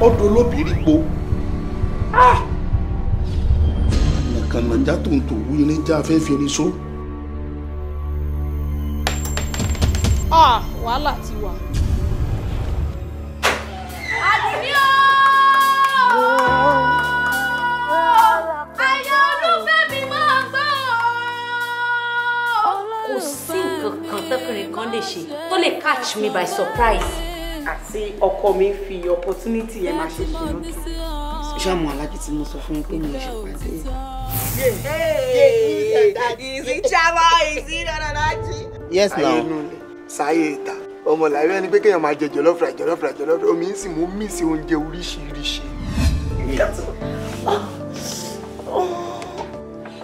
ó dolóbìrí po nìkan ah! nàjà tó ń tò wú ilé já fẹ́ fi rí so. Ah, wàhálà ti wà. àdùnní o. ẹ̀yin olùfẹ́ mi máa gbọ́ o. kò sí nǹkan kan tọkùnrin kan lè ṣe tó lè catch me by surprise àti ọkọ mi fi opportunity yẹn máa ṣe ṣe lókè. ṣáàmù alájí tí mo sọ fún yín pé mi ò ṣe pàdé yes now. sáyé ìta ọmọ làwọn ẹni pé kéèyàn máa jẹ jọlọfra jọlọfra jọlọfra omi ń sì mú mí sí oúnjẹ oríṣiríṣi.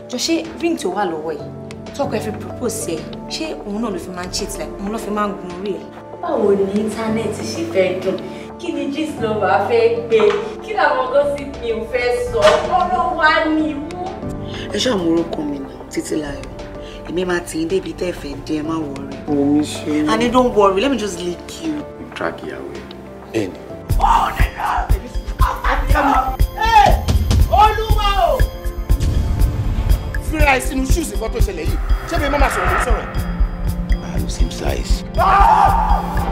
jọ ṣé ring tó wà lọ́wọ́ yìí tọkọ ẹ fi propose ẹ ṣé òun náà ló fi máa ń cheat like òun ló fi máa ń gun orí ẹ báwo ni íńtánẹ́ẹ̀tì ṣe fẹ́ dùn kí ni gist lover fẹ́ gbé kí làwọn gossip mi ò fẹ́ sọ ọlọ́wà ní ìwú. ẹ ṣáà mú orúkọ mi nà títí láyọ̀ èmi máa tì í débi tẹ́ ẹ fẹ́ dé ẹ má wọrí. omi ṣe é. and don't worry let me just lick you. You track ìyàwó ẹ. bẹ́ẹ̀ni. ọ nìyá àtàkùn. ẹ olúwa o. fúnra ẹ sínú ṣùùsì kan tó ṣẹlẹ̀ yìí ṣé mi má máa sọ̀rọ̀ sọ̀rọ̀ same size. Ah!